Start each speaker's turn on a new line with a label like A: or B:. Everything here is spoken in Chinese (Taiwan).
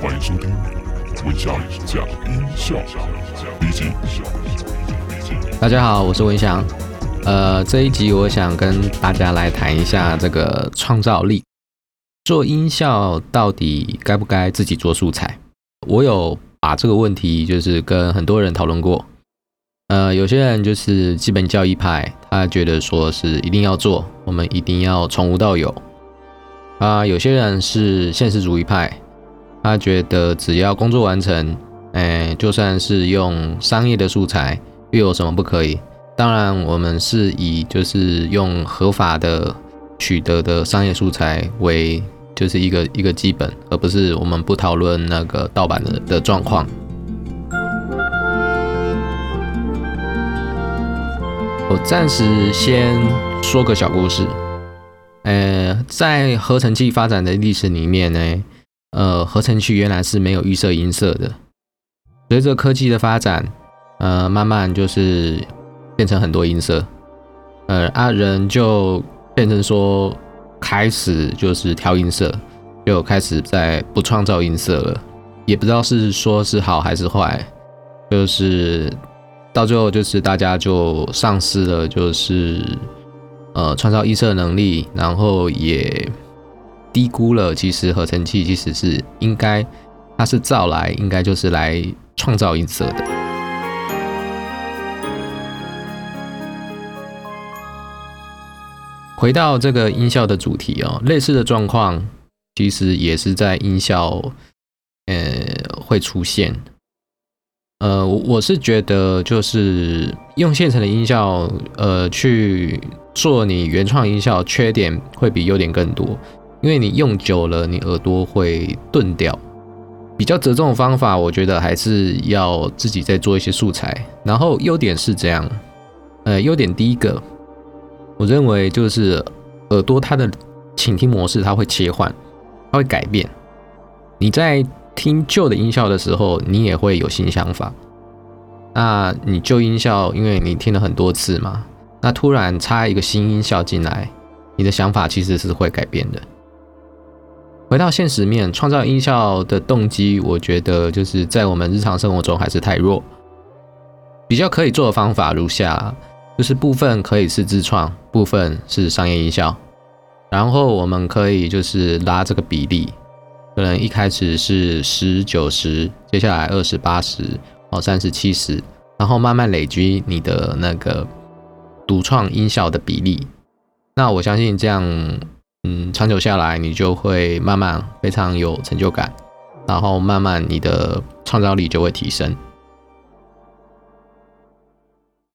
A: 歡迎收聽文祥講音效。大家好，我是文祥。呃，這一集我想跟大家來談一下這個創造力，做音效到底該不該自己做素材？我有把這個問題就是跟很多人討論過。呃，有些人就是基本教義派，他覺得說是一定要做，我們一定要從無到有。啊、呃，有些人是現實主義派。他覺得只要工作完成，欸，就算是用商業的素材，又有什麼不可以？當然，我們是以就是用合法的取得的商業素材為就是一個一個基本，而不是我們不討論那個盜版的的狀況。我暫時先說個小故事，欸，在合成器發展的歷史裡面呢。呃，合成器原來是沒有預設音色的。隨着科技的發展，呃，慢慢就是變成很多音色。呃，啊人就變成說開始就是調音色，就開始在不創造音色了。也不知道是說是好還是壞，就是到最後就是大家就喪失了就是呃創造音色能力，然後也。低估了，其實合成器其實是應該，它是造來應該就是來創造音色的。回到這個音效的主題哦，類似的狀況其實也是在音效，呃，會出現。呃，我，我是覺得就是用現成的音效，呃，去做你原創音效，缺點會比優點更多。因為你用久了，你耳朵會鈍掉。比較折中的方法，我覺得還是要自己再做一些素材。然後優點是這樣，呃，優點第一個，我認為就是耳朵它的傾聽模式它會切換，它會改變。你在聽舊的音效的時候，你也會有新想法。那你舊音效，因為你聽了很多次嘛，那突然插一個新音效進來，你的想法其實是會改變的。回到現實面，創造音效的動機，我覺得就是在我們日常生活中還是太弱。比較可以做的方法如下：就是部分可以是自創，部分是商業音效。然後我們可以就是拉這個比例，可能一開始是十九十，接下來二十八十，哦三十七十，然後慢慢累積你的那個獨創音效的比例。那我相信這樣。嗯，長久下來你就會慢慢非常有成就感，然後慢慢你的創造力就會提升。